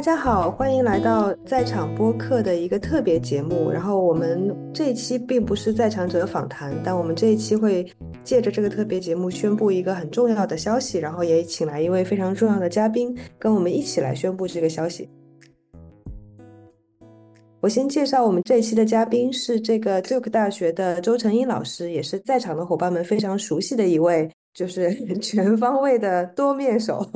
大家好，歡迎來到在場播客的一個特別節目。然後我們這一期並不是在場者訪談，但我們這一期會借着這個特別節目宣布一個很重要的消息，然後也請來一位非常重要的嘉賓跟我們一起來宣布這個消息。我先介紹我們這一期的嘉賓是這個 Duke 大學的周成蔭老師，也是在場的夥伴們非常熟悉的一位，就是全方位的多面手。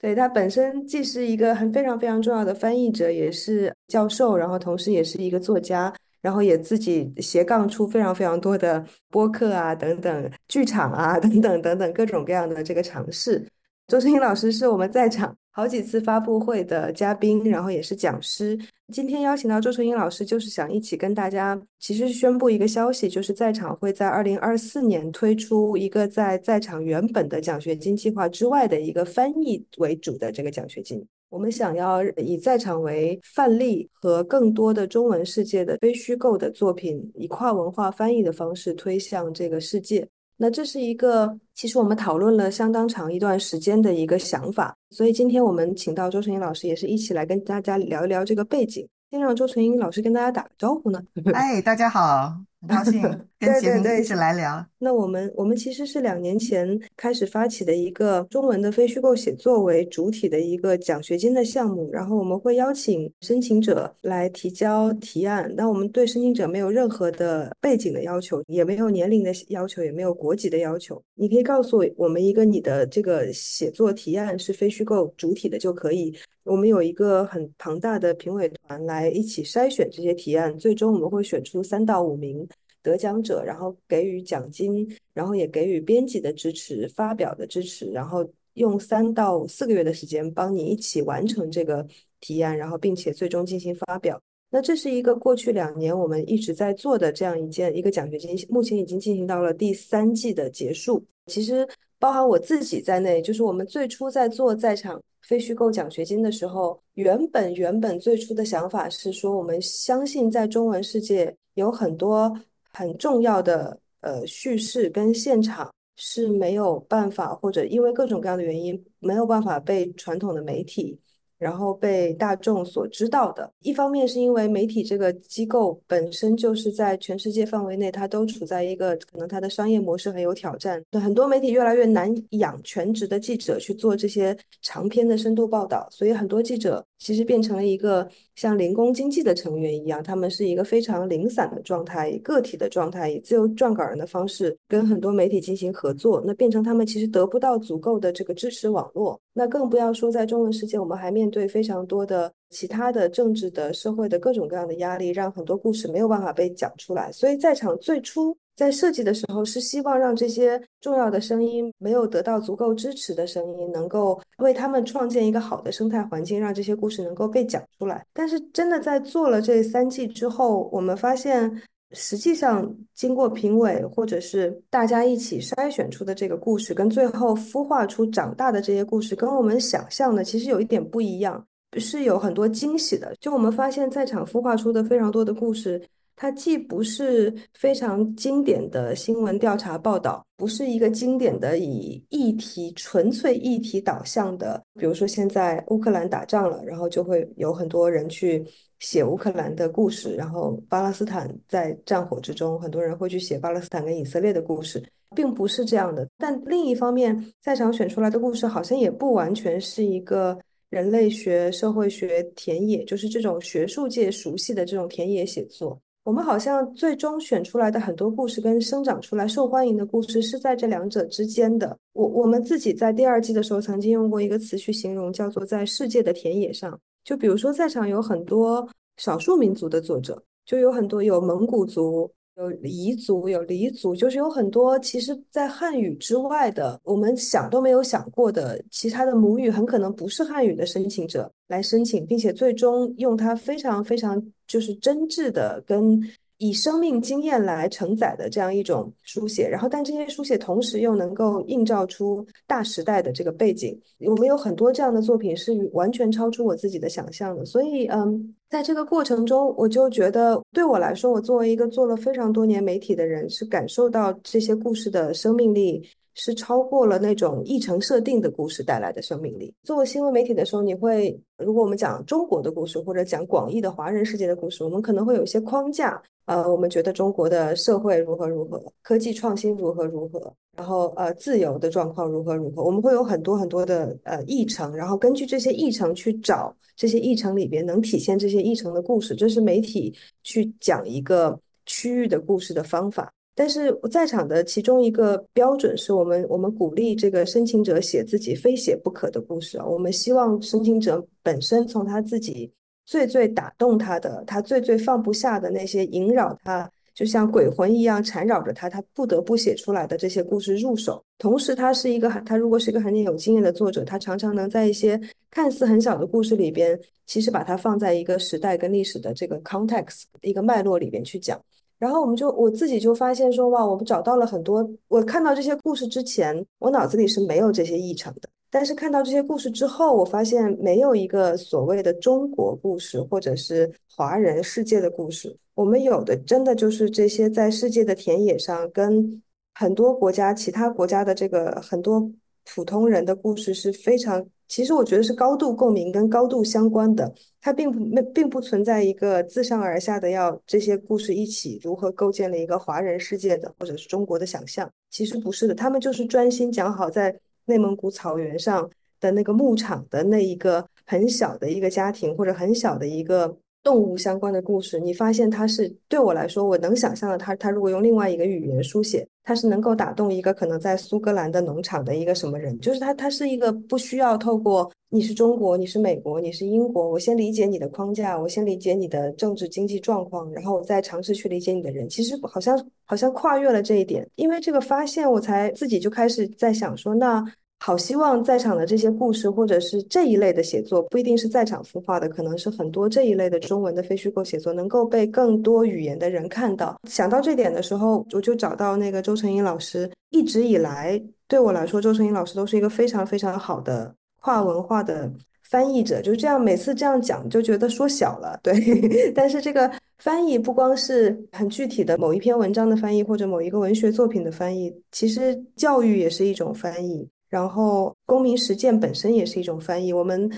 對，他本身既是一個很非常非常重要的翻譯者，也是教授，然後同時也是一個作家，然後也自己斜槓出非常非常多的播客啊等等，劇場啊等等等等各種各樣的這個嘗試。周成蔭老師是我們在場好幾次發佈會的嘉賓，然後也是講師。今天邀請到周成蔭老師，就是想一起跟大家其實宣布一個消息，就是在場會在二零二四年推出一個在在場原本的獎學金計劃之外的一個翻譯為主的這個獎學金。我們想要以在場為範例和更多的中文世界的非虛構的作品，以跨文化翻譯的方式推向這個世界。那這是一個，其實我們討論了相當長一段時間的一個想法，所以今天我們請到周成蔭老師，也是一起來跟大家聊一聊這個背景。先讓周成蔭老師跟大家打個招呼呢。 哎，大家好。很高興，跟潔平一起來聊 對對對。那我們我們其實是兩年前開始發起的一個中文的非虛構寫作為主體的一個獎學金的項目。然後我們會邀請申請者來提交提案。那我們對申請者沒有任何的背景的要求，也沒有年齡的要求，也沒有國籍的要求。你可以告訴我們一個你的這個寫作提案是非虛構主體的就可以。我們有一個很龐大的評委團。來一起篩選這些提案，最終我們會選出三到五名得獎者，然後給予獎金，然後也給予編輯的支持、發表的支持，然後用三到四個月的時間幫你一起完成這個提案，然後並且最終進行發表。那這是一個過去兩年我們一直在做的這樣一件一個獎學金，目前已經進行到了第三季的結束。其實包含我自己在內，就是我們最初在做在場，非虛構獎學金的時候，原本原本最初的想法是說，我們相信在中文世界有很多很重要的呃敘事跟現場是沒有辦法，或者因為各種各樣的原因，沒有辦法被傳統的媒體。然後被大眾所知道的，一方面是因為媒體這個機構本身就是在全世界範圍內，它都處在一個可能它的商業模式很有挑戰，那很多媒體越來越難養全職的記者去做這些長篇的深度報道，所以很多記者其實變成了一個像零工經濟的成員一樣，他們是一個非常零散的狀態，以個體的狀態，以自由撰稿人的方式跟很多媒體進行合作，那變成他們其實得不到足夠的這個支持網絡，那更不要說在中文世界，我們還面對非常多的其他的政治的社會的各種各樣的壓力，讓很多故事沒有辦法被講出來。所以在場最初在設計的時候，是希望讓這些重要的聲音沒有得到足夠支持的聲音，能夠為他們創建一個好的生態環境，讓這些故事能夠被講出來。但是真的在做了這三季之後，我們發現，實際上，經過評委或者是大家一起篩選出的這個故事，跟最後孵化出長大的這些故事，跟我們想象的其實有一點不一樣，是有很多驚喜的。就我們發現在場孵化出的非常多的故事，它既不是非常經典的新聞調查報道，不是一個經典的以議題純粹議題導向的，比如說現在烏克蘭打仗了，然後就會有很多人去。寫烏克蘭的故事，然後巴勒斯坦在戰火之中，很多人會去寫巴勒斯坦跟以色列的故事，並不是這樣的。但另一方面，在場選出來的故事好像也不完全是一個人類學、社會學田野，就是這種學術界熟悉的這種田野寫作。我們好像最終選出來的很多故事跟生長出來受歡迎的故事是在這兩者之間的。我我們自己在第二季的時候曾經用過一個詞去形容，叫做在世界的田野上。就比如說，在場有很多少數民族的作者，就有很多有蒙古族、有彝族、有黎族，就是有很多其實，在漢語之外的，我們想都沒有想過的其他的母語，很可能不是漢語的申請者來申請，並且最終用他非常非常就是真摯的跟。以生命經驗來承載的這樣一種書寫，然後，但這些書寫同時又能夠映照出大時代的這個背景。我們有很多這樣的作品是完全超出我自己的想象的，所以，嗯，在這個過程中，我就覺得，對我來說，我作為一個做了非常多年媒體的人，是感受到這些故事的生命力。是超過了那種議程設定的故事帶來的生命力。做新聞媒體的時候，你會，如果我們講中國的故事，或者講廣義的華人世界的故事，我們可能會有一些框架。呃，我們覺得中國的社會如何如何，科技創新如何如何，然後呃，自由的狀況如何如何，我們會有很多很多的呃議程，然後根據這些議程去找這些議程裡邊能體現這些議程的故事，這是媒體去講一個區域的故事的方法。但是在場的其中一個標準是我們，我們鼓勵這個申請者寫自己非寫不可的故事啊。我們希望申請者本身從他自己最最打動他的，他最最放不下的那些縈繞他，就像鬼魂一樣纏繞着他，他不得不寫出來的這些故事入手。同時，他是一個他如果是一個很有經驗的作者，他常常能在一些看似很小的故事裡邊，其實把它放在一個時代跟歷史的這個 context 一個脈絡裡邊去講。然後我們就我自己就發現說哇，我們找到了很多。我看到這些故事之前，我腦子裡是沒有這些議程的。但是看到這些故事之後，我發現沒有一個所謂的中國故事或者是華人世界的故事，我們有的真的就是這些在世界的田野上，跟很多國家其他國家的這個很多普通人的故事是非常。其實我覺得是高度共鳴跟高度相關的，它並不，並不存在一個自上而下的要這些故事一起如何構建了一個華人世界的或者是中國的想象，其實不是的，他們就是專心講好在內蒙古草原上的那個牧場的那一個很小的一個家庭，或者很小的一個。動物相關的故事，你發現它，是對我來說，我能想象的他，它它如果用另外一個語言書寫，它是能夠打動一個可能在蘇格蘭的農場的一個什麼人，就是它它是一個不需要透過你是中國，你是美國，你是英國，我先理解你的框架，我先理解你的政治經濟狀況，然後我再嘗試去理解你的人，其實好像好像跨越了這一點，因為這個發現，我才自己就開始在想說那。好希望在場的這些故事，或者是這一類的寫作，不一定是在場孵化的，可能是很多這一類的中文的非虛構寫作能夠被更多語言的人看到。想到這點的時候，我就找到那個周成蔭老師。一直以來，對我來說，周成蔭老師都是一個非常非常好的跨文化的翻譯者。就這樣，每次這樣講就覺得說小了，對。但是這個翻譯不光是很具體的某一篇文章的翻譯，或者某一個文學作品的翻譯，其實教育也是一種翻譯。然後，公民實踐本身也是一種翻譯。我們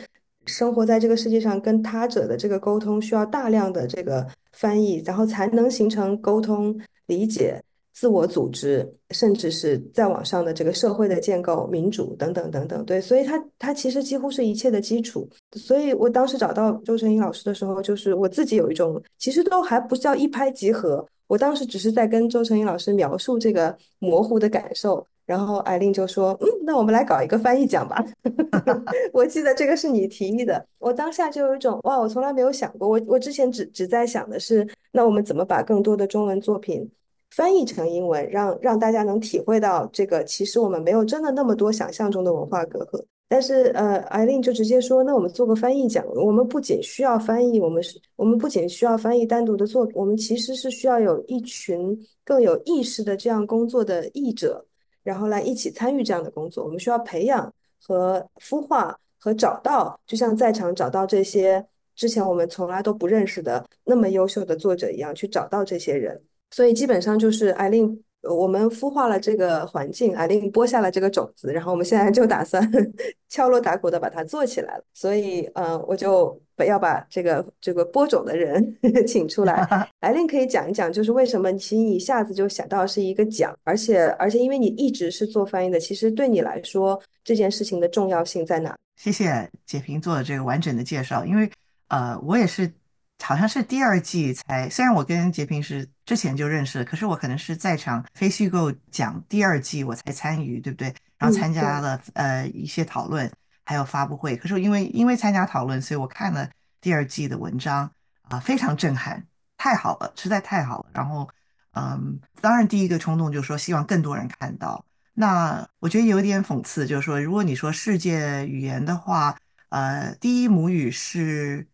生活在這個世界上，跟他者的這個溝通需要大量的這個翻譯，然後才能形成溝通、理解、自我組織，甚至是在網上的這個社會的建構、民主等等等等。對，所以它它其實幾乎是一切的基礎。所以我當時找到周成蔭老師的時候，就是我自己有一種其實都還不叫一拍即合。我當時只是在跟周成蔭老師描述這個模糊的感受。然後 Eileen 就說：“嗯，那我們來搞一個翻譯獎吧。 ”我記得這個是你提議的。我當下就有一種哇，我從來沒有想過。我我之前只只在想的是，那我們怎麼把更多的中文作品翻譯成英文，讓讓大家能體會到這個其實我們沒有真的那麼多想象中的文化隔閡。但是呃，Eileen 就直接說：“那我們做個翻譯獎。我們不僅需要翻譯，我們是，我們不僅需要翻譯單獨的作品，我們其實是需要有一群更有意識的這樣工作的譯者。”然後來一起參與這樣的工作，我們需要培養和孵化和找到，就像在場找到這些之前我們從來都不認識的那麼優秀的作者一樣，去找到這些人。所以基本上就是艾琳，我們孵化了這個環境，艾琳播下了這個種子，然後我們現在就打算敲鑼打鼓地把它做起來了。所以，呃，我就。不要把這個這個播種的人 請出來，艾琳可以講一講，就是為什麼你一下子就想到是一個獎，而且而且因為你一直是做翻譯的，其實對你來說這件事情的重要性在哪？謝謝潔平做的這個完整的介紹，因為呃，我也是好像是第二季才，雖然我跟潔平是之前就認識，可是我可能是在場非虛構獎第二季我才參與，對不對？然後參加了、嗯、呃一些討論。還有發布會，可是因為因為參加討論，所以我看了第二季的文章啊，非常震撼，太好了，實在太好了。然後，嗯，當然第一個衝動就是說，希望更多人看到。那我覺得有點諷刺，就是說，如果你說世界語言的話，呃，第一母語是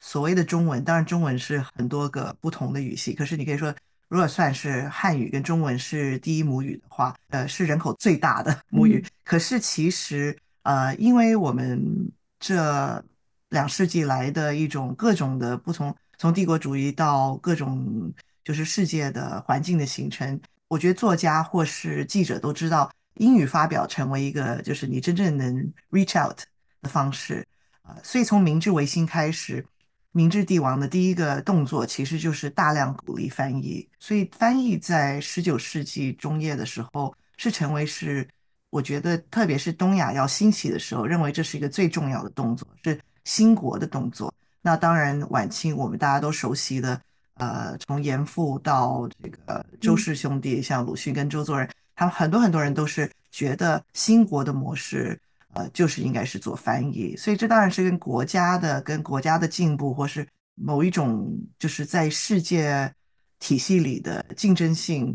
所謂的中文，當然中文是很多個不同的語系。可是你可以說，如果算是漢語跟中文是第一母語的話，呃，是人口最大的母語。嗯、可是其實。呃，因為我們這兩世紀來的一種各種的不同，從帝國主義到各種就是世界的環境的形成，我覺得作家或是記者都知道，英語發表成為一個就是你真正能 reach out 的方式啊。呃，所以從明治維新開始，明治帝王的第一個動作其實就是大量鼓勵翻譯，所以翻譯在19世紀中葉的時候是成為是。我覺得，特別是東亞要興起的時候，認為這是一個最重要的動作，是興國的動作。那當然，晚清，我們大家都熟悉的，呃，從嚴復到這個周氏兄弟，像魯迅跟周作人，嗯、他們很多很多人都是覺得興國的模式，呃，就是應該是做翻譯。所以這當然是跟國家的、跟國家的進步，或是某一種就是在世界體系裡的競爭性，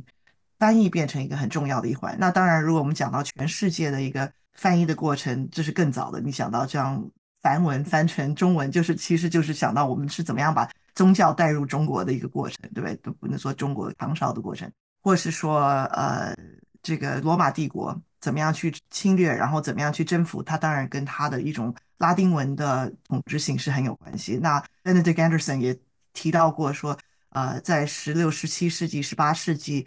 翻譯變成一個很重要的一環。那當然，如果我們講到全世界的一個翻譯的過程，這是更早的。你想到這樣梵文翻成中文，就是其實就是想到我們是怎麼樣把宗教帶入中國的一個過程，對不對？都不能說中國唐朝的過程，或是說呃這個羅馬帝國怎麼樣去侵略，然後怎麼樣去征服。它當然跟它的一種拉丁文的統治形式很有關係。那 Benedict Anderson 也提到過說，呃，在十六、十七世紀、十八世紀。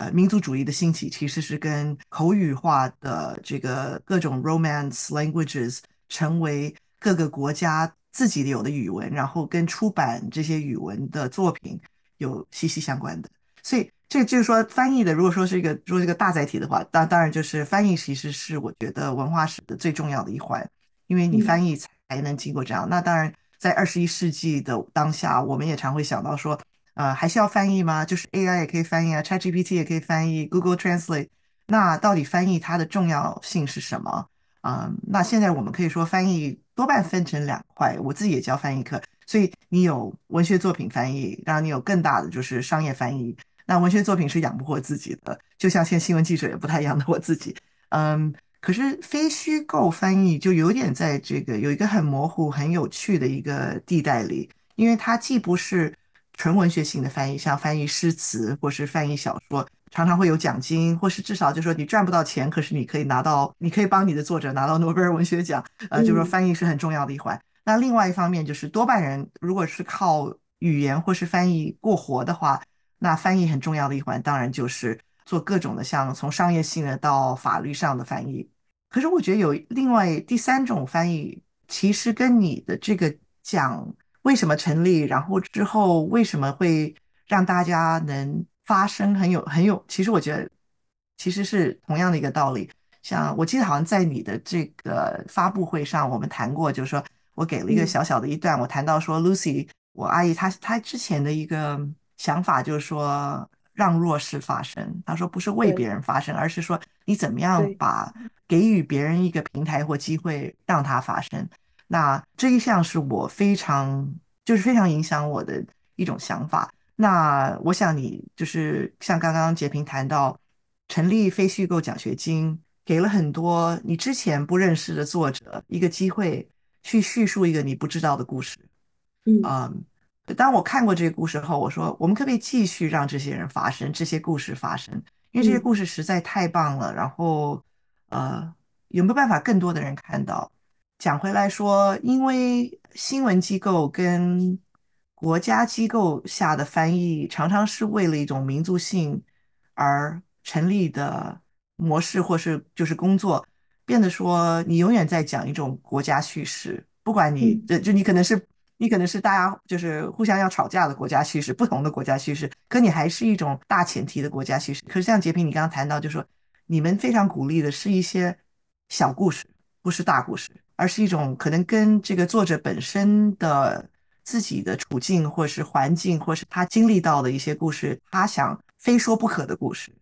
呃，民族主義的興起其實是跟口語化的這個各種 romance languages 成為各個國家自己的有的語文，然後跟出版這些語文的作品有息息相關的。所以，這，這就是說，翻譯的如果說是一個，如果是一個大載體的話，當當然就是翻譯其實是我覺得文化史的最重要的一環，因為你翻譯才能經過這樣。嗯。那當然，在二十一世紀的當下，我們也常會想到說。呃，還需要翻譯嗎？就是 AI 也可以翻譯啊，ChatGPT 也可以翻譯，Google Translate。那到底翻譯它的重要性是什麼啊、嗯？那現在我們可以說翻譯多半分成兩塊，我自己也教翻譯課，所以你有文學作品翻譯，然後你有更大的就是商業翻譯。那文學作品是養不活自己的，就像現在新聞記者也不太養的我自己。嗯，可是非虛構翻譯就有點在這個有一個很模糊、很有趣的一個地帶裡，因為它既不是。純文學性的翻譯，像翻譯詩詞或是翻譯小說，常常會有獎金，或是至少就是說你賺不到錢，可是你可以拿到，你可以幫你的作者拿到諾貝爾文學獎。呃，就是說翻譯是很重要的一環。嗯、那另外一方面就是，多半人如果是靠語言或是翻譯過活的話，那翻譯很重要的一環，當然就是做各種的，像從商業性的到法律上的翻譯。可是我覺得有另外第三種翻譯，其實跟你的這個獎。為什麼成立？然後之後為什麼會讓大家能發聲？很有很有，其實我覺得其實是同樣的一個道理。像我記得好像在你的這個發布會上，我們談過，就是說我給了一個小小的一段，嗯、我談到說，Lucy，我阿姨她她之前的一個想法就是說讓弱勢發聲，她說不是為別人發聲，對而是說你怎麼樣把給予別人一個平台或機會讓他發聲。那這一項是我非常就是非常影響我的一種想法。那我想你就是像剛剛潔平談到，成立非虛構獎學金，給了很多你之前不認識的作者一個機會，去敘述一個你不知道的故事。嗯啊、嗯，當我看過這個故事後，我說我們可不可以繼續讓這些人發生這些故事發生？因為這些故事實在太棒了。嗯、然後呃，有沒有辦法更多的人看到？講回來說，因為新聞機構跟國家機構下的翻譯常常是為了一種民族性而成立的模式，或是就是工作，變得說你永遠在講一種國家敘事，不管你、嗯、就就你可能是你可能是大家就是互相要吵架的國家敘事，不同的國家敘事，可你還是一種大前提的國家敘事。可是像潔平你剛剛談到就是，就說你們非常鼓勵的是一些小故事，不是大故事。而是一種可能跟這個作者本身的自己的處境，或是環境，或是他經歷到的一些故事，他想非說不可的故事。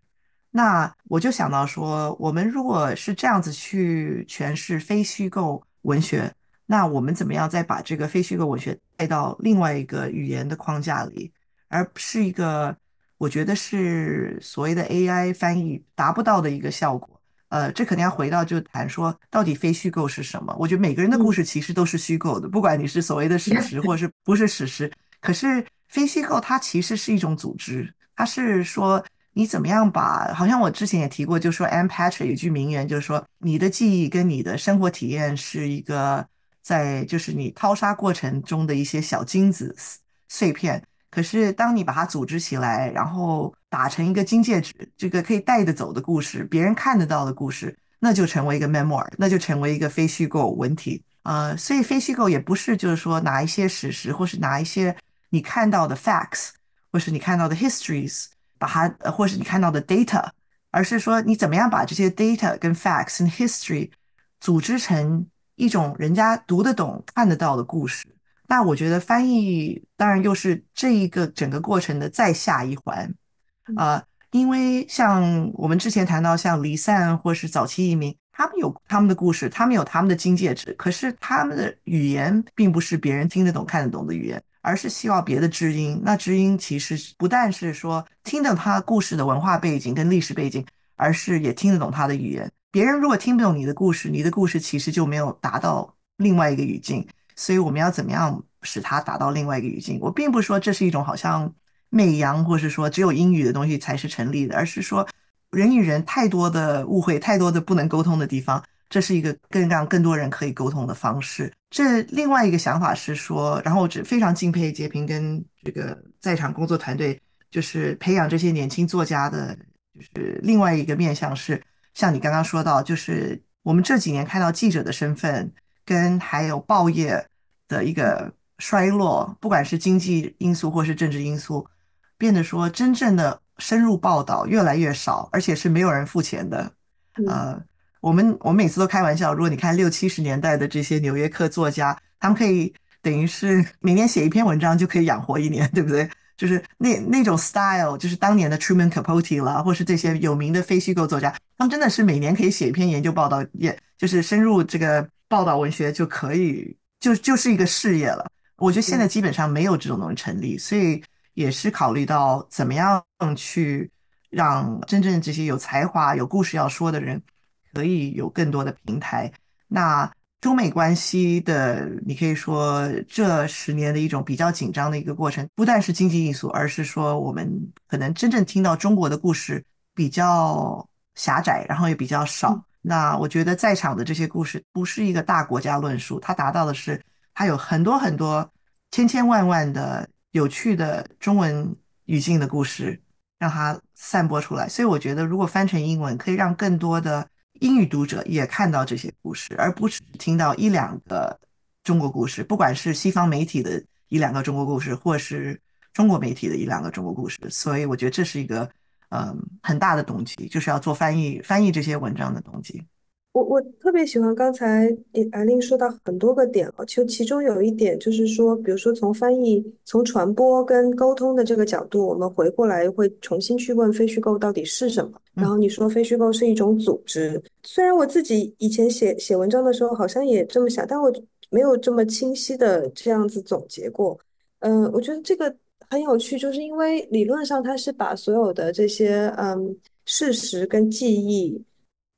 那我就想到說，我們如果是這樣子去詮釋非虛構文學，那我們怎麼樣再把這個非虛構文學帶到另外一個語言的框架裡，而不是一個我覺得是所謂的 AI 翻譯達不到的一個效果。呃，這肯定要回到就談說到底非虛構是什麼？我覺得每個人的故事其實都是虛構的，嗯、不管你是所謂的史實或是不是史實。 可是非虛構它其實是一種組織，它是說你怎麼樣把？好像我之前也提過，就說 Ann Patrick 有一句名言，就是說你的記憶跟你的生活體驗是一個在就是你淘沙過程中的一些小金子碎片。可是當你把它組織起來，然後，打成一個金戒指，這個可以帶得走的故事，別人看得到的故事，那就成為一個 memoir，那就成為一個非虛構文體啊。Uh, 所以非虛構也不是就是說拿一些史實，或是拿一些你看到的 facts，或是你看到的 histories，把它，呃，或是你看到的 data，而是說你怎麼樣把這些 data 跟 facts and history 組織成一種人家讀得懂、看得到的故事。那我覺得翻譯當然又是這一個整個過程的再下一環。啊、呃，因為像我們之前談到，像離散或是早期移民，他們有他們的故事，他們有他們的金戒指，可是他們的語言並不是別人聽得懂、看得懂的語言，而是希望別的知音。那知音其實不但是說聽得懂他故事的文化背景跟歷史背景，而是也聽得懂他的語言。別人如果聽不懂你的故事，你的故事其實就沒有達到另外一個語境。所以我們要怎麼樣使他達到另外一個語境？我並不說這是一種好像。美洋或是說只有英語的東西才是成立的，而是說人與人太多的誤會，太多的不能溝通的地方，這是一個更讓更多人可以溝通的方式。這另外一個想法是說，然後我只非常敬佩潔平跟這個在場工作團隊，就是培養這些年輕作家的，就是另外一個面向是，像你剛剛說到，就是我們這幾年看到記者的身份跟還有報業的一個衰落，不管是經濟因素或是政治因素。變得說真正的深入報道越來越少，而且是沒有人付錢的。嗯、呃，我們我們每次都開玩笑，如果你看六七十年代的這些《紐約客》作家，他們可以等於是每年寫一篇文章就可以養活一年，對不對？就是那那種 style，就是當年的 Truman Capote 了，或是這些有名的非虛構作家，他們真的是每年可以寫一篇研究報道，也就是深入這個報道文學就可以就就是一個事業了。我覺得現在基本上沒有這種能成立，嗯、所以。也是考慮到怎麼樣去讓真正這些有才華、有故事要說的人可以有更多的平台。那中美關係的，你可以說這十年的一種比較緊張的一個過程，不但是經濟因素，而是說我們可能真正聽到中國的故事比較狹窄，然後也比較少。那我覺得在場的這些故事，不是一個大國家論述，它達到的是它有很多很多千千萬萬的。有趣的中文語境的故事，讓它散播出來。所以我覺得，如果翻成英文，可以讓更多的英語讀者也看到這些故事，而不只聽到一兩個中國故事，不管是西方媒體的一兩個中國故事，或是中國媒體的一兩個中國故事。所以我覺得這是一個嗯很大的動機，就是要做翻譯，翻譯這些文章的動機。我我特別喜歡剛才艾琳說到很多個點了，就其中有一點就是說，比如說從翻譯、從傳播跟溝通的這個角度，我們回過來會重新去問非虛構到底是什麼。然後你說非虛構是一種組織，嗯、雖然我自己以前寫寫文章的時候好像也這麼想，但我沒有這麼清晰的這樣子總結過。嗯、呃，我覺得這個很有趣，就是因為理論上它是把所有的這些嗯事實跟記憶，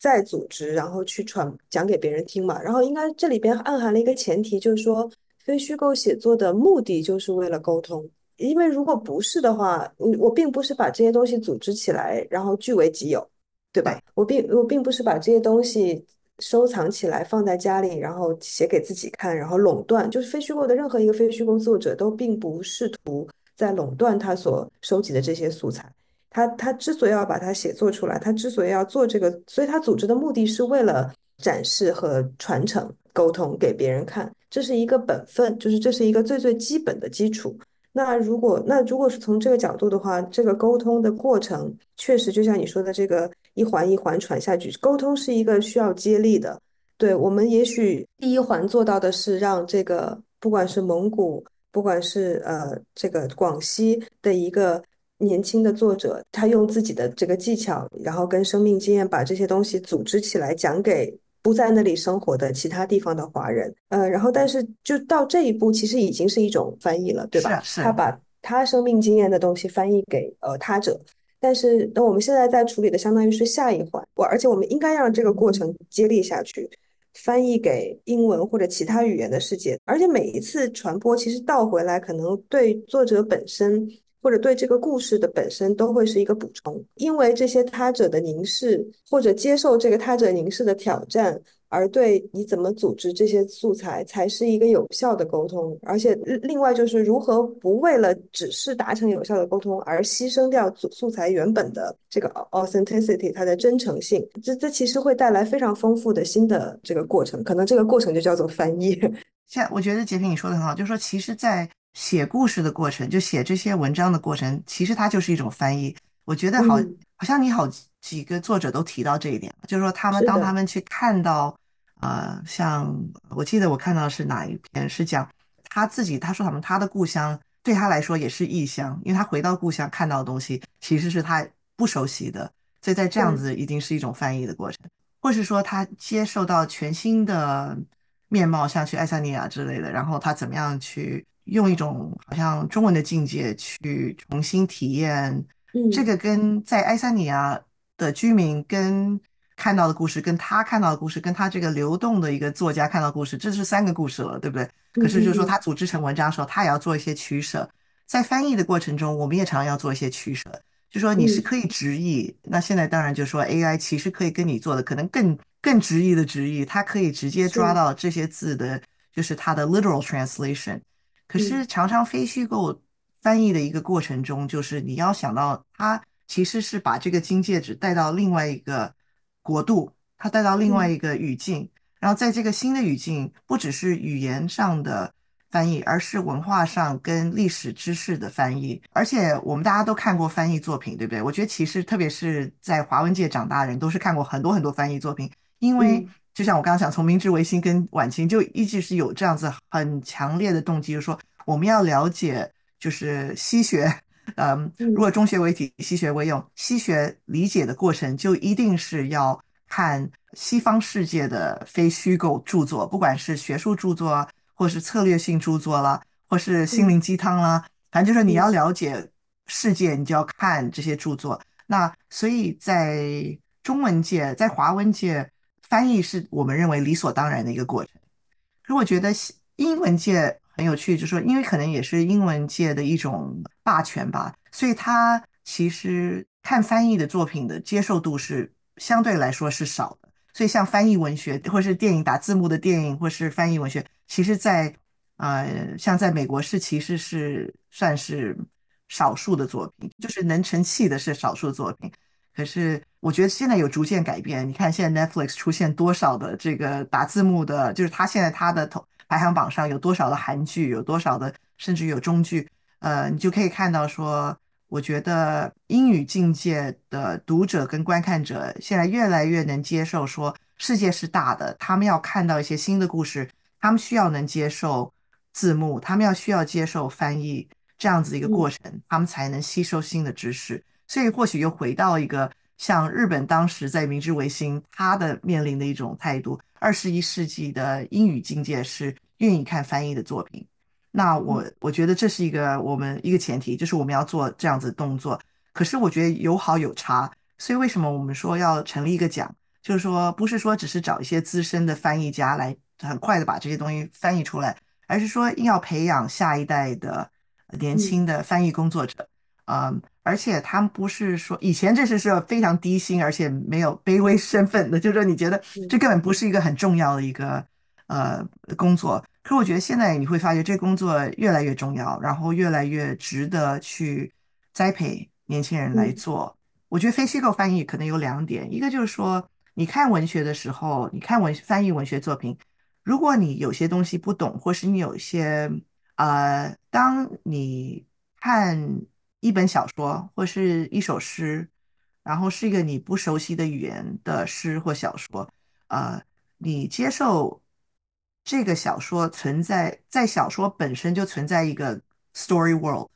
再組織，然後去傳講給別人聽嘛。然後應該這裡邊暗含了一個前提，就是說非虛構寫作的目的就是為了溝通。因為如果不是的話，我並不是把這些東西組織起來，然後據為己有，對吧？對。我並我並不是把這些東西收藏起來放在家裡，然後寫給自己看，然後壟斷。就是非虛構的任何一個非虛構作者都並不試圖在壟斷他所收集的這些素材。他他之所以要把它寫作出來，他之所以要做這個，所以他組織的目的是為了展示和傳承、溝通給別人看，這是一個本分，就是這是一個最最基本的基礎。那如果那如果是從這個角度的話，這個溝通的過程確實就像你說的這個一環一環傳下去，溝通是一個需要接力的。對，我們也許第一環做到的是讓這個不管是蒙古，不管是，呃，這個廣西的一個。年輕的作者，他用自己的這個技巧，然後跟生命經驗把這些東西組織起來，講給不在那裡生活的其他地方的華人。呃，然後但是就到這一步，其實已經是一種翻譯了，對吧？是，他把他生命經驗的東西翻譯給呃他者。但是，那我們現在在處理的，相當於是下一環。我而且我們應該讓這個過程接力下去，翻譯給英文或者其他語言的世界。而且每一次傳播，其實倒回來，可能對作者本身。或者對這個故事的本身都會是一個補充，因為這些他者的凝視或者接受這個他者凝視的挑戰，而對你怎麼組織這些素材才是一個有效的溝通。而且另外就是如何不為了只是達成有效的溝通而犧牲掉素材原本的這個 authenticity 它的真誠性。這這其實會帶來非常豐富的新的這個過程，可能這個過程就叫做翻譯。現在我覺得潔平你說的很好，就是說其實在，寫故事的過程，就寫這些文章的過程，其實它就是一種翻譯。我覺得好，嗯、好像你好幾個作者都提到這一點，就是說他們當他們去看到，的呃，像我記得我看到的是哪一篇，是講他自己，他說什麼，他的故鄉對他來說也是異鄉，因為他回到故鄉看到的東西其實是他不熟悉的，所以在這樣子一定是一種翻譯的過程，嗯、或是說他接受到全新的面貌，像去愛沙尼亞之類的，然後他怎麼樣去。用一種好像中文的境界去重新體驗，這個跟在愛沙尼亞的居民跟看到的故事，跟他看到的故事，跟他這個流動的一個作家看到的故事，這是三個故事了，對不對？可是就是說他組織成文章的時候，他也要做一些取捨。在翻譯的過程中，我們也常常要做一些取捨。就說你是可以直譯，那現在當然就是說 AI 其實可以跟你做的可能更更直譯的直譯，他可以直接抓到這些字的，就是它的 literal translation 的。可是，常常非虛構翻譯的一個過程中，就是你要想到，他其實是把這個金戒指帶到另外一個國度，他帶到另外一個語境，然後在這個新的語境，不只是語言上的翻譯，而是文化上跟歷史知識的翻譯。而且，我們大家都看過翻譯作品，對不對？我覺得，其實特別是在華文界長大的人，都是看過很多很多翻譯作品，因為。嗯就像我剛剛講，從明治維新跟晚清就一直是有這樣子很強烈的動機，就是說我們要了解就是西學，嗯，如果中學為體，西學為用，西學理解的過程就一定是要看西方世界的非虛構著作，不管是學術著作啊，或者是策略性著作啦、啊，或是心靈雞湯啦、啊，反正就是你要了解世界，你就要看這些著作。那所以在中文界，在華文界，翻譯是我們認為理所當然的一個過程，可是我覺得英文界很有趣，就是說，因為可能也是英文界的一種霸權吧，所以他其實看翻譯的作品的接受度是相對來說是少的，所以像翻譯文學或是電影打字幕的電影或是翻譯文學，其實在，在呃像在美國是其實是算是少數的作品，就是能成器的是少數作品，可是。我覺得現在有逐漸改變。你看，現在 Netflix 出現多少的這個打字幕的，就是他現在他的頭排行榜上有多少的韓劇，有多少的甚至有中劇，呃，你就可以看到說，我覺得英語世界的讀者跟觀看者現在越來越能接受，說世界是大的，他們要看到一些新的故事，他們需要能接受字幕，他們要需要接受翻譯這樣子一個過程，嗯、他們才能吸收新的知識。所以或許又回到一個。像日本當時在明治維新，他的面臨的一種態度。二十一世紀的英語世界是願意看翻譯的作品，那我我覺得這是一個我們一個前提，就是我們要做這樣子的動作。可是我覺得有好有差，所以為什麼我們說要成立一個獎，就是說不是說只是找一些資深的翻譯家來很快的把這些東西翻譯出來，而是說硬要培養下一代的年輕的翻譯工作者啊。嗯而且他們不是說以前這是是非常低薪，而且沒有卑微身份的，就是說你覺得這根本不是一個很重要的一個呃工作。可是我覺得現在你會發覺這工作越來越重要，然後越來越值得去栽培年輕人來做。嗯、我覺得非虛構翻譯可能有兩點，一個就是說你看文學的時候，你看文學翻譯文學作品，如果你有些東西不懂，或是你有些呃，當你看。一本小說或是一首詩，然後是一個你不熟悉的語言的詩或小說，呃，你接受這個小說存在，在小說本身就存在一個 story world，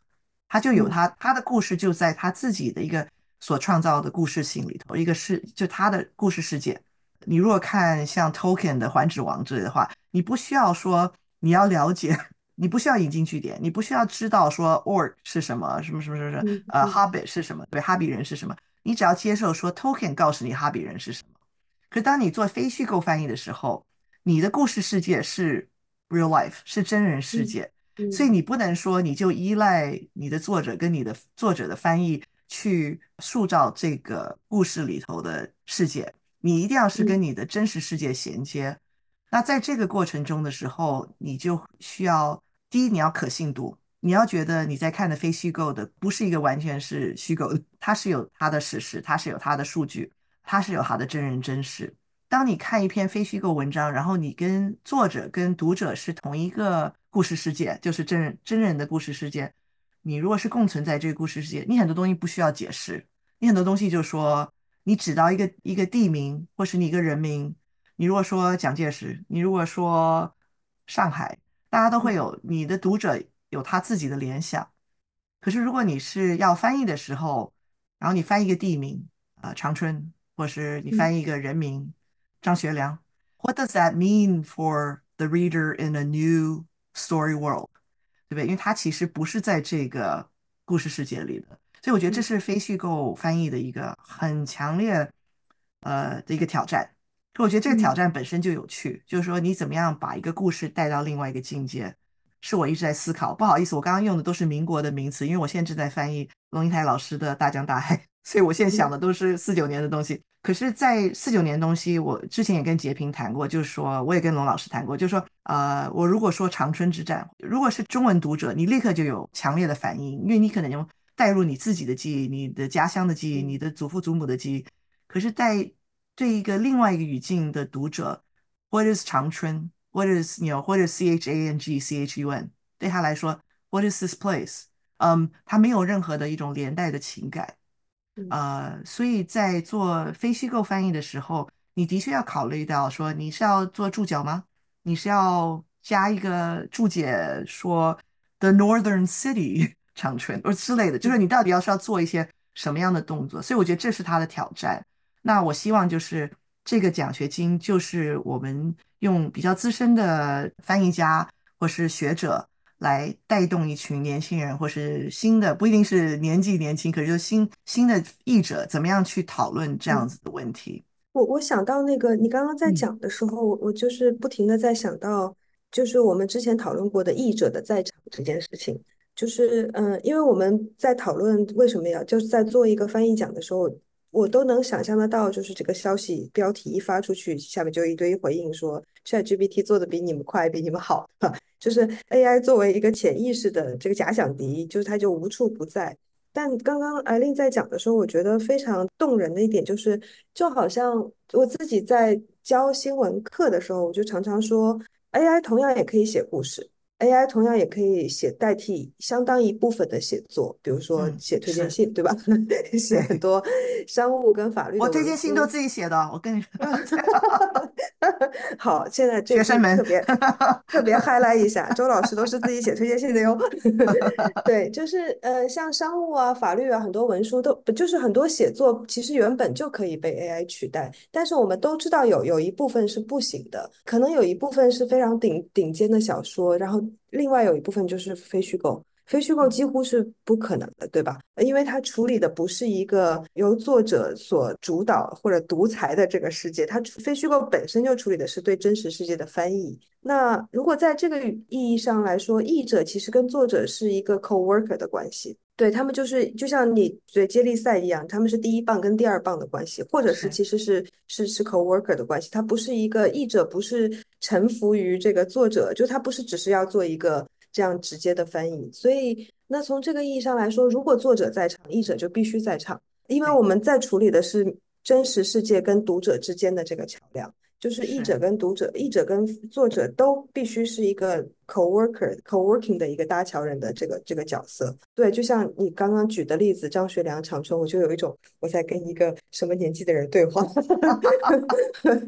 它就有它，它的故事就在它自己的一個所創造的故事性裡頭，嗯、一個是，就它的故事世界。你如果看像 Tolkien 的環指王之類的話，你不需要說你要了解。你不需要引經據典，你不需要知道說 or 是什麼，什麼什麼什麼，什麼，呃、uh, hobbit 是什麼，對，哈比人是什麼，你只要接受說 token 告訴你哈比人是什麼。可當你做非虛構翻譯的時候，你的故事世界是 real life，是真人世界，所以你不能說你就依賴你的作者跟你的作者的翻譯去塑造這個故事裡頭的世界，你一定要是跟你的真實世界銜接。那在這個過程中的時候，你就需要第一，你要可信度，你要覺得你在看的非虛構的不是一個完全是虛構的，它是有它的事實，它是有它的數據，它是有它的真人真事。當你看一篇非虛構文章，然後你跟作者跟讀者是同一個故事世界，就是真人真人的故事世界，你如果是共存在這個故事世界，你很多東西不需要解釋，你很多東西就是說你指到一個一個地名或是你一個人名。你如果說蔣介石，你如果說上海，大家都會有你的讀者有他自己的聯想。可是如果你是要翻譯的時候，然後你翻譯一個地名啊、呃，長春，或是你翻譯一個人名、嗯、張學良，What does that mean for the reader in a new story world？對不對？因為他其實不是在這個故事世界裡的，所以我覺得這是非虛構翻譯的一個很強烈呃的一個挑戰。我覺得這個挑戰本身就有趣，嗯、就是說你怎麼樣把一個故事帶到另外一個境界，是我一直在思考。不好意思，我剛剛用的都是民國的名詞，因為我現在正在翻譯龍應台老師的大江大海，所以我現在想的都是四九年的東西。嗯、可是，在四九年的東西，我之前也跟潔平談過，就是說我也跟龍老師談過，就是說，呃，我如果說長春之戰，如果是中文讀者，你立刻就有強烈的反應，因為你可能用帶入你自己的記憶、你的家鄉的記憶、你的祖父祖母的記憶，嗯、可是，在對一個另外一個語境的讀者，What is 長春，What is, you know，what is C H A N G C H U N，對他來說，What is this place？嗯、um,，他沒有任何的一種連帶的情感，呃、uh,，所以在做非虛構翻譯的時候，你的確要考慮到說，你是要做注腳嗎？你是要加一個注解說 The Northern City 長春，或者之類的，就是你到底要是要做一些什麼樣的動作？所以我覺得這是他的挑戰。那我希望就是這個獎學金，就是我們用比較資深的翻譯家或是學者來帶動一群年輕人，或是新的不一定是年紀年輕，可是就新新的譯者怎麼樣去討論這樣子的問題。嗯、我我想到那個你剛剛在講的時候，嗯、我就是不停的在想到，就是我們之前討論過的譯者的在場這件事情。就是嗯、呃，因為我們在討論為什麼要就是在做一個翻譯獎的時候。我都能想象得到，就是這個消息標題一發出去，下面就一堆回應說 ChatGPT 做的比你們快，比你們好。哈，就是 AI 作為一個潛意識的這個假想敵，就是它就無處不在。但剛剛 Eileen 在講的時候，我覺得非常動人的一點就是，就好像我自己在教新聞課的時候，我就常常說，AI 同樣也可以寫故事。A.I. 同樣也可以寫代替相當一部分的寫作，比如說寫推薦信，嗯、對吧？是寫很多商務跟法律。我推薦信都自己寫的，我跟你說。 好，現在這學生們 特別特別 highlight 一下。周老師都是自己寫推薦信的喲。 對，就是呃，像商務啊、法律啊，很多文書都就是很多寫作，其實原本就可以被 A.I. 取代，但是我們都知道有有一部分是不行的，可能有一部分是非常頂頂尖的小說，然後。另外有一部分就是非虛構。非虛構幾乎是不可能的，對吧？因為它處理的不是一個由作者所主導或者獨裁的這個世界，它非虛構本身就處理的是對真實世界的翻譯。那如果在這個意義上來說，譯者其實跟作者是一個 co-worker 的關係，對他們就是就像你對接力賽一樣，他們是第一棒跟第二棒的關係，或者是其實是是是，是 co-worker 的關係。它不是一個譯者不是臣服於這個作者，就他不是只是要做一個。這樣直接的翻譯，所以那從這個意義上來說，如果作者在場，譯者就必須在場，因為我們在處理的是真實世界跟讀者之間的這個橋梁，就是譯者跟讀者，是。譯者跟作者都必須是一個。co-worker co-working 的一個搭橋人的這個這個角色，對，就像你剛剛舉的例子，張學良、長春，我就有一種我在跟一個什麼年紀的人對話。哈哈哈。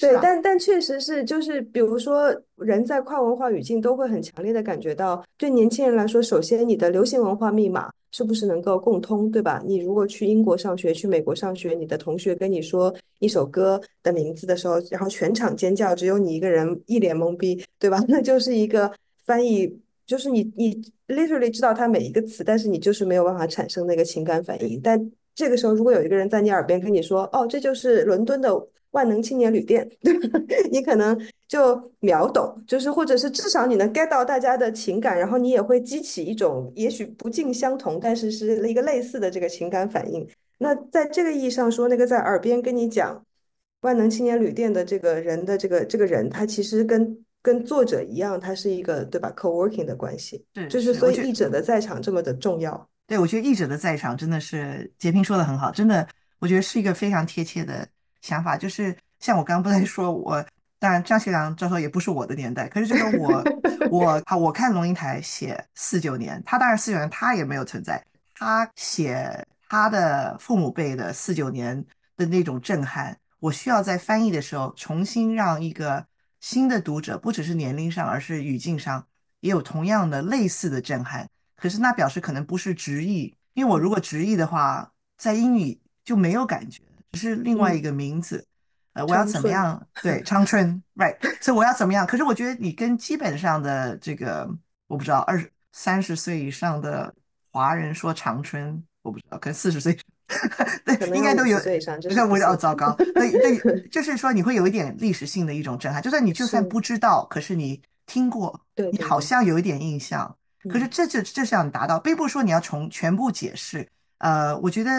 對， 啊、但但確實是，就是比如說，人在跨文化語境都會很強烈的感覺到，對年輕人來說，首先你的流行文化密碼是不是能夠共通，對吧？你如果去英國上學，去美國上學，你的同學跟你說一首歌的名字的時候，然後全場尖叫，只有你一個人一臉懵逼，對吧？那就是一個。翻譯就是你你 literally 知道它每一個詞，但是你就是沒有辦法產生那個情感反應。但這個時候，如果有一個人在你耳邊跟你說：“哦，這就是倫敦的萬能青年旅店。”對吧？你可能就秒懂，就是或者是至少你能 get 到大家的情感，然後你也會激起一種也許不盡相同，但是是一個類似的這個情感反應。那在這個意義上說，那個在耳邊跟你講“萬能青年旅店”的這個人的這個這個人，他其實跟跟作者一樣，他是一個對吧？co-working 的關係，對，就是所以譯者的在場這麼的重要。對，我覺得譯者的在場真的是，潔平說的很好，真的，我覺得是一個非常貼切的想法。就是像我剛剛不再說，我當然張學良教授也不是我的年代，可是這個我， 我啊，我看龍應台寫四九年，他當然四九年他也沒有存在，他寫他的父母輩的四九年的那種震撼，我需要在翻譯的時候重新讓一個。新的讀者不只是年齡上，而是語境上也有同樣的類似的震撼。可是那表示可能不是直譯，因為我如果直譯的話，在英語就沒有感覺，只是另外一個名字。嗯、呃，我要怎麼樣？長春。對，長春 ，right？所、so、以我要怎麼樣？可是我覺得你跟基本上的這個，我不知道二三十歲以上的華人說長春，我不知道，可能四十歲。 對，應該都有。上這個味道糟糕，那那 就是說，你會有一點歷史性的一種震撼。就算你就算不知道，是的可是你聽過，對對對你好像有一點印象。對對對可是這就這是要你達到，並不是說你要從全部解釋。嗯、呃，我覺得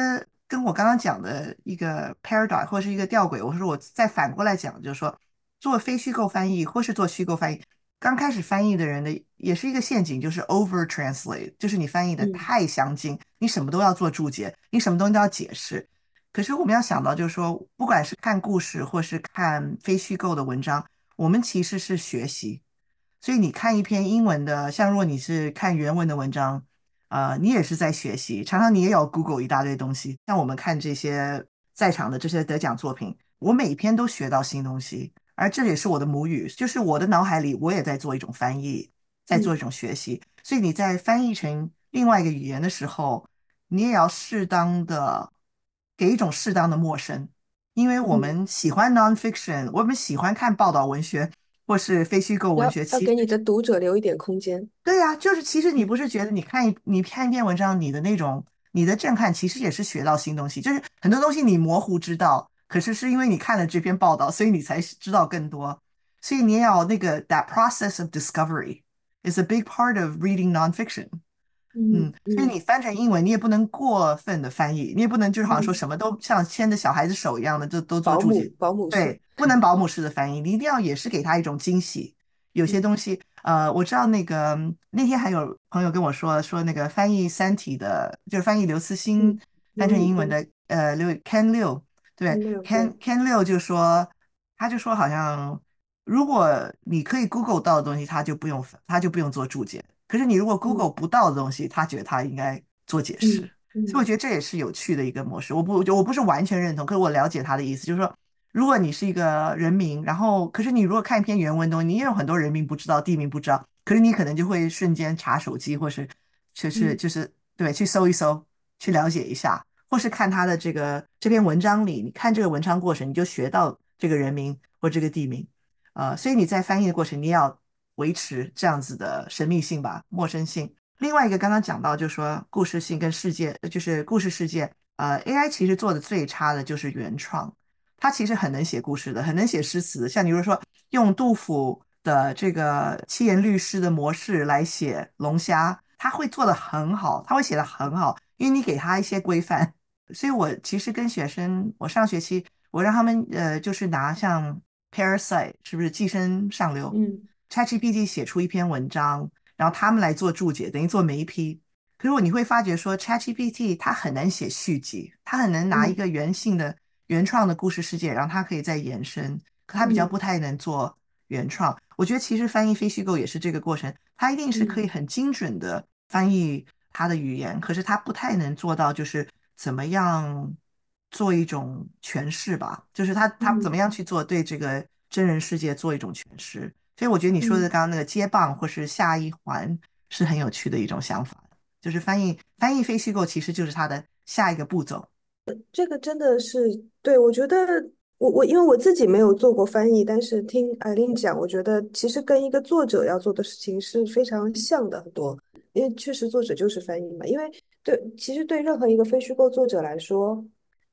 跟我剛剛講的一個 paradox 或是一個吊詭，我說我再反過來講，就是說，做非虛構翻譯或是做虛構翻譯。剛開始翻譯的人的也是一個陷阱，就是 over translate，就是你翻譯的太詳盡，嗯、你什麼都要做注解，你什麼東西都要解釋。可是我們要想到，就是說，不管是看故事，或是看非虛構的文章，我們其實是學習。所以你看一篇英文的，像如果你是看原文的文章，啊、呃，你也是在學習。常常你也要 Google 一大堆東西。像我們看這些在場的這些得獎作品，我每一篇都學到新東西。而這也是我的母語，就是我的腦海裡，我也在做一種翻譯，在做一種學習。嗯、所以你在翻譯成另外一個語言的時候，你也要適當的給一種適當的陌生，因為我們喜歡 nonfiction，、嗯、我們喜歡看報道文學或是非虛構文學要。要給你的讀者留一點空間。對呀、啊，就是其實你不是覺得你看一，你看一篇文章，你的那種你的震撼，其實也是學到新東西，就是很多東西你模糊知道。可是是因為你看了這篇報道，所以你才知道更多，所以你也要那個 that process of discovery is a big part of reading nonfiction。嗯，嗯，所以你翻成英文，你也不能過分的翻譯，你也不能就是好像說什麼都像牽着小孩子手一樣的，嗯、就都做注解保姆對，不能保姆式的翻譯，你一定要也是給他一種驚喜。有些東西，嗯、呃，我知道那個那天還有朋友跟我說，說那個翻譯《三體》的，就是翻譯劉慈欣、嗯嗯、翻成英文的，嗯嗯、呃，劉 Ken Liu。對、嗯、Ken Ken Liu 就說，他就說好像，如果你可以 Google 到的東西，他就不用，他就不用做注解。可是你如果 Google 不到的東西，嗯、他覺得他應該做解釋。嗯嗯、所以我覺得這也是有趣的一個模式。我不，我不是完全認同，可是我了解他的意思，就是說，如果你是一個人名，然後，可是你如果看一篇原文東西，你也有很多人名不知道，地名不知道，可是你可能就會瞬間查手機，或是，就是、嗯、就是對，去搜一搜，去了解一下。或是看他的這個這篇文章裡，你看這個文章過程，你就學到這個人名或這個地名，啊、呃，所以你在翻譯的過程，你要維持這樣子的神秘性吧，陌生性。另外一個剛剛講到，就是說故事性跟世界，就是故事世界，呃，AI 其實做的最差的就是原創，它其實很能寫故事的，很能寫詩詞的。像你如果說用杜甫的這個七言律詩的模式來寫龍蝦，他會做得很好，他會寫得很好。因為你給他一些規範，所以我其實跟學生，我上學期我讓他們呃，就是拿像 Parasite 是不是寄生上流，嗯，ChatGPT 寫出一篇文章，然後他們來做注解，等於做眉批。可是如果你會發覺說，ChatGPT 它很難寫續集，它很能拿一個原性的、嗯、原創的故事世界，然後它可以再延伸，可它比較不太能做原創。嗯、我覺得其實翻譯非虛構也是這個過程，它一定是可以很精準的翻譯。嗯他的語言，可是他不太能做到，就是怎麼樣做一種詮釋吧，就是他他們怎麼樣去做對這個真人世界做一種詮釋。所以我覺得你說的剛剛那個接棒或是下一環是很有趣的一種想法，嗯。就是翻譯翻譯非虛構其實就是他的下一個步驟。這個真的是對，我覺得我我因為我自己沒有做過翻譯，但是聽艾琳講，我覺得其實跟一個作者要做的事情是非常像的很多。因為確實，作者就是翻譯嘛。因為對，其實對任何一個非虛構作者來說，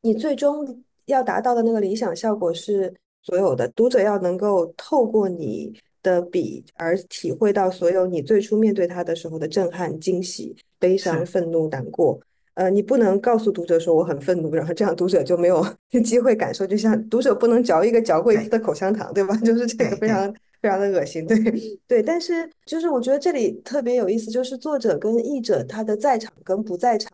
你最終要達到的那個理想效果是，所有的讀者要能夠透過你的筆而體會到所有你最初面對他的時候的震撼、驚喜、悲傷、憤怒、難過。是呃，你不能告訴讀者說我很憤怒，然後這樣讀者就沒有機會感受。就像讀者不能嚼一個嚼過一次的口香糖，對吧？就是這個非常。非常的噁心，對對，但是就是我覺得這裡特別有意思，就是作者跟譯者他的在場跟不在場。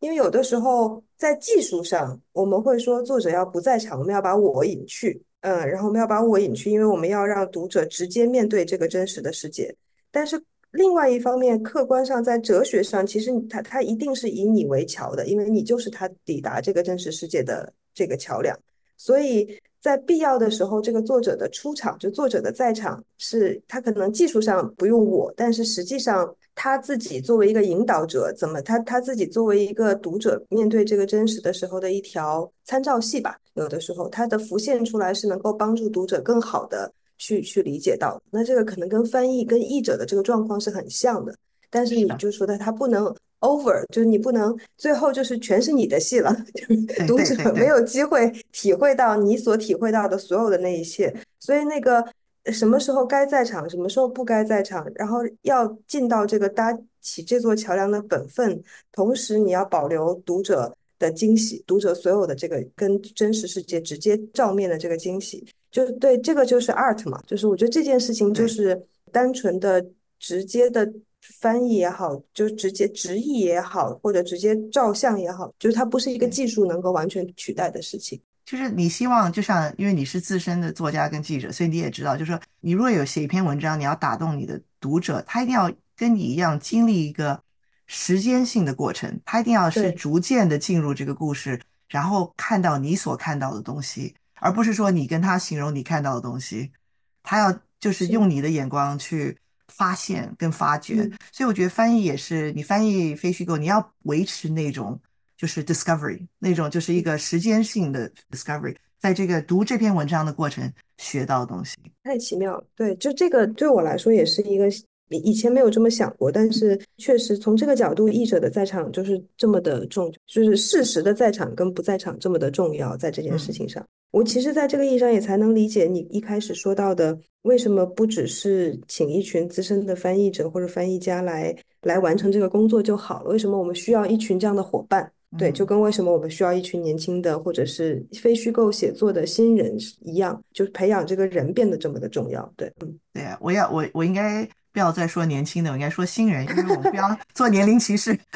因為有的時候在技術上，我們會說作者要不在場，我們要把我隱去，嗯，然後我們要把我隱去，因為我們要讓讀者直接面對這個真實的世界。但是另外一方面，客觀上在哲學上，其實他他一定是以你為橋的，因為你就是他抵達這個真實世界的這個橋樑。所以在必要的時候，這個作者的出場，就作者的在場是，是他可能技術上不用我，但是實際上他自己作為一個引導者，怎麼他他自己作為一個讀者面對這個真實的時候的一條參照系吧，有的時候他的浮現出來是能夠幫助讀者更好的去去理解到，那這個可能跟翻譯跟譯者的這個狀況是很像的，但是你就說的他不能 Over 就是你不能最後就是全是你的戲了，就是 讀者沒有機會體會到你所體會到的所有的那一切。所以那個什麼時候該在場，什麼時候不該在場，然後要盡到這個搭起這座橋樑的本分，同時你要保留讀者的驚喜，讀者所有的這個跟真實世界直接照面的這個驚喜，就對，這個就是 art 嘛，就是我覺得這件事情就是單純的直接的對。翻譯也好，就直接直譯也好，或者直接照相也好，就是它不是一個技術能夠完全取代的事情。就是你希望，就像因為你是資深的作家跟記者，所以你也知道，就是說，你如果有寫一篇文章，你要打動你的讀者，他一定要跟你一樣經歷一個時間性的過程，他一定要是逐漸的進入這個故事，對然後看到你所看到的東西，而不是說你跟他形容你看到的東西，他要就是用你的眼光去。發現跟發掘，所以我覺得翻譯也是，你翻譯非虛構，你要維持那種就是 discovery 那種，就是一個時間性的 discovery，在這個讀這篇文章的過程學到的東西，太奇妙了。對，就這個對我來說也是一個。以以前沒有這麼想過，但是確實從這個角度，譯者的在場就是這麼的重，就是事實的在場跟不在場這麼的重要，在這件事情上，嗯、我其實在這個意義上也才能理解你一開始說到的，為什麼不只是請一群資深的翻譯者或者翻譯家來來完成這個工作就好了，為什麼我們需要一群這樣的夥伴？嗯、對，就跟為什麼我們需要一群年輕的或者是非虛構寫作的新人一樣，就是培養這個人變得這麼的重要。對，嗯，對呀，我要我我應該。不要再說年輕的，我應該說新人，因為我們不要做年齡歧視。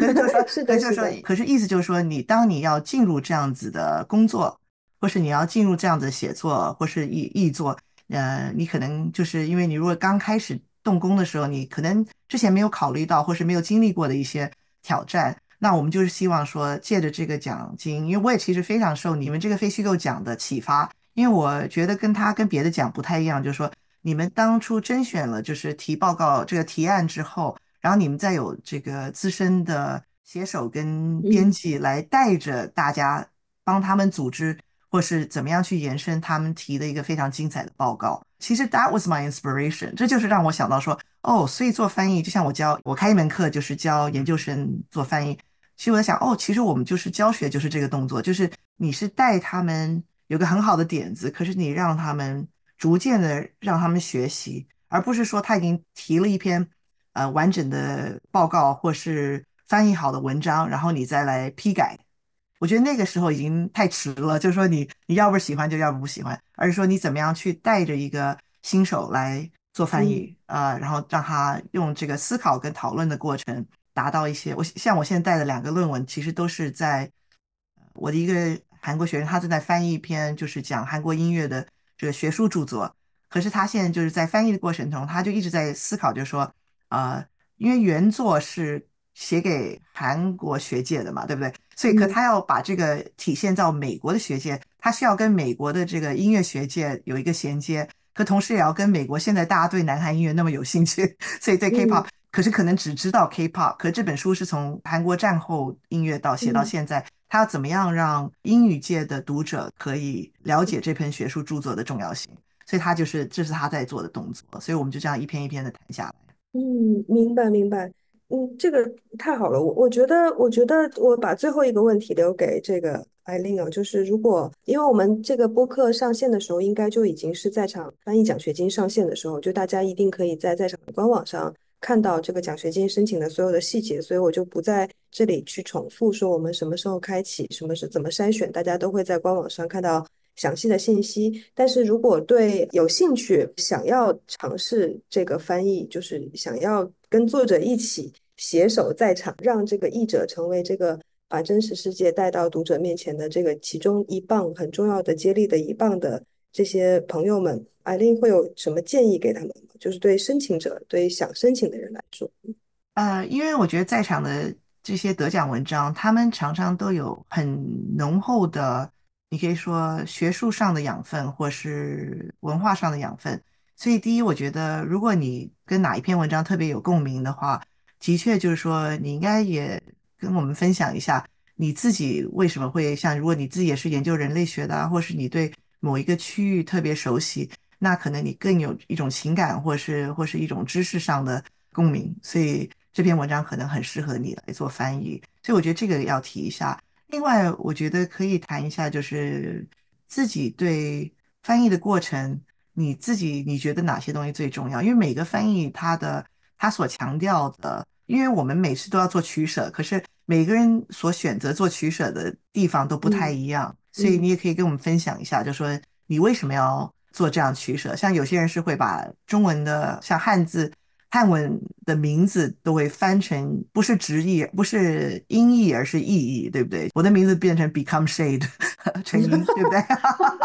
可能就是說，所就 是說的，可是意思就是說，是的你當你要進入這樣子的工作，或是你要進入這樣子寫作，或是譯譯作，呃，你可能就是因為你如果剛開始動工的時候，你可能之前沒有考慮到，或是沒有經歷過的一些挑戰，那我們就是希望說，借着這個獎金，因為我也其實非常受你們這個非虛構獎的啟發，因為我覺得跟他跟別的獎不太一樣，就是說。你們當初甄選了，就是提報告這個提案之後，然後你們再有這個資深的寫手跟編輯來帶着大家幫他們組織，或是怎麼樣去延伸他們提的一個非常精彩的報告。其實 That was my inspiration，這就是讓我想到說，哦，所以做翻譯就像我教我開一門課就是教研究生做翻譯。其實我在想，哦，其實我們就是教學就是這個動作，就是你是帶他們有個很好的點子，可是你讓他們。逐漸的讓他們學習，而不是說他已經提了一篇呃完整的報告或是翻譯好的文章，然後你再來批改。我覺得那個時候已經太遲了，就是說你你要不喜歡就要不不喜歡，而是說你怎麼樣去帶着一個新手來做翻譯啊、嗯呃，然後讓他用這個思考跟討論的過程達到一些。我像我現在帶的兩個論文，其實都是在我的一個韓國學生，他正在翻譯一篇就是講韓國音樂的。學術著作，可是他現在就是在翻譯的過程中，他就一直在思考，就是說，呃，因為原作是寫給韓國學界的嘛，對不對？所以可他要把這個體現到美國的學界，嗯，他需要跟美國的這個音樂學界有一個銜接，可同時也要跟美國現在大家對南韓音樂那麼有興趣，所以對 K-pop，嗯，可是可能只知道 K-pop，可這本書是從韓國戰後音樂到寫到現在。嗯他怎麼樣讓英語界的讀者可以了解這篇學術著作的重要性？所以，他就是這是他在做的動作。所以我們就這樣一篇一篇的談下來。嗯，明白明白。嗯，這個太好了。我我覺得我覺得我把最後一個問題留給這個艾琳啊，就是如果因為我們這個播客上線的時候，應該就已經是在場翻譯獎學金上線的時候，就大家一定可以在在場的官網上。看到這個獎學金申請的所有的細節，所以我就不在這裡去重複說我們什麼時候開啟，什麼時候怎麼篩選，大家都會在官網上看到詳細的信息。但是如果對有興趣，想要嘗試這個翻譯，就是想要跟作者一起攜手在場，讓這個譯者成為這個把真實世界帶到讀者面前的這個其中一棒，很重要的接力的一棒的。這些朋友們，Eileen 會有什麼建議給他們？就是對申請者、對想申請的人來說，呃，因為我覺得在場的這些得獎文章，他們常常都有很濃厚的，你可以說學術上的養分，或是文化上的養分。所以，第一，我覺得如果你跟哪一篇文章特別有共鳴的話，的確就是說，你應該也跟我們分享一下你自己為什麼會像，如果你自己也是研究人類學的，或是你對，某一個區域特別熟悉，那可能你更有一種情感，或是或是一種知識上的共鳴，所以這篇文章可能很適合你來做翻譯。所以我覺得這個要提一下。另外，我覺得可以談一下，就是自己對翻譯的過程，你自己你覺得哪些東西最重要？因為每個翻譯它的它所強調的，因為我們每次都要做取舍，可是每個人所選擇做取舍的地方都不太一樣。嗯所以你也可以跟我們分享一下，就說你為什麼要做這樣取舍？像有些人是會把中文的像漢字、漢文的名字都會翻成不是直譯，不是音譯，而是意譯，對不對？我的名字變成 become shade 成蔭，對不對？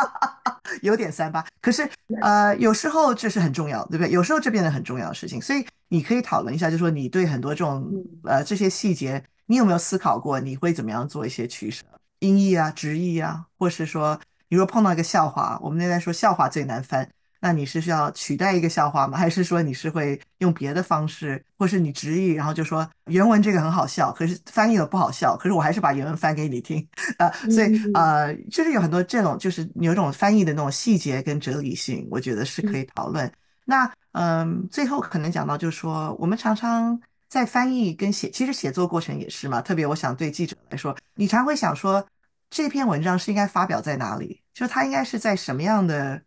有點三八，可是呃，有時候這是很重要，對不對？有時候這變得很重要的事情，所以你可以討論一下，就說你對很多這種呃這些細節，你有沒有思考過你會怎麼樣做一些取舍？音譯啊，直譯啊，或是說，你如果碰到一個笑話，我們現在說笑話最難翻，那你是需要取代一個笑話嗎？還是說你是會用別的方式，或是你直譯，然後就說原文這個很好笑，可是翻譯了不好笑，可是我還是把原文翻給你聽啊？ uh, 所以、mm hmm. 呃，就是有很多這種，就是有一種翻譯的那種細節跟哲理性，我覺得是可以討論。Mm hmm. 那嗯、呃，最後可能講到就是說，我們常常。在翻譯跟寫，其實寫作過程也是嘛。特別，我想對記者來說，你常會想說，這篇文章是應該發表在哪裡？就是它應該是在什麼樣的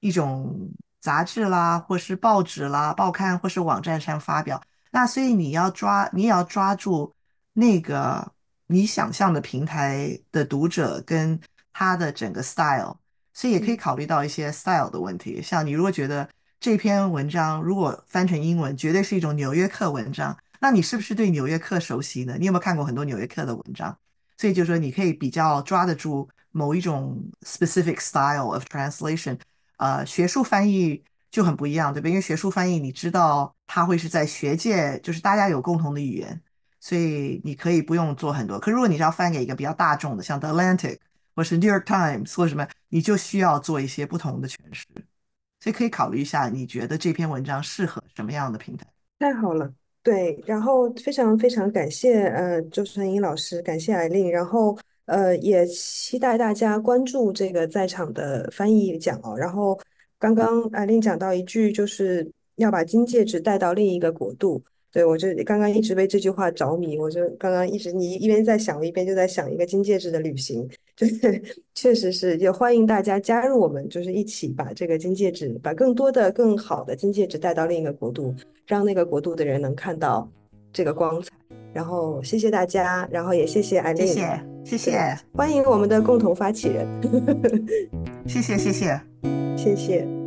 一種雜誌啦，或是報紙啦、報刊或是網站上發表。那所以你要抓，你也要抓住那個你想象的平台的讀者跟他的整個 style。所以也可以考慮到一些 style 的問題。像你如果覺得。這篇文章如果翻成英文，絕對是一種《紐約客》文章。那你是不是對《紐約客》熟悉呢？你有沒有看過很多《紐約客》的文章？所以就是說你可以比較抓得住某一種 specific style of translation。呃，學術翻譯就很不一樣，對吧？因為學術翻譯，你知道它會是在學界，就是大家有共同的語言，所以你可以不用做很多。可如果你是要翻給一個比較大眾的，像《The Atlantic》或是《New York Times》或者什麼，你就需要做一些不同的詮釋。所以可以考慮一下，你覺得這篇文章適合什麼樣的平台？太好了，對，然後非常非常感謝，呃，周成蔭老師，感謝 Eileen，然後呃，也期待大家關注這個在場的翻譯獎哦。然後剛剛 Eileen 講到一句，就是要把金戒指帶到另一個國度。對，我就剛剛一直被這句話着迷，我就剛剛一直你一邊在想，我一邊就在想一個金戒指的旅行，就是確實是也歡迎大家加入我們，就是一起把這個金戒指，把更多的、更好的金戒指帶到另一個國度，讓那個國度的人能看到這個光彩。然後謝謝大家，然後也謝謝 Eileen，謝謝謝謝，歡迎我們的共同發起人，謝謝謝謝謝謝。謝謝謝謝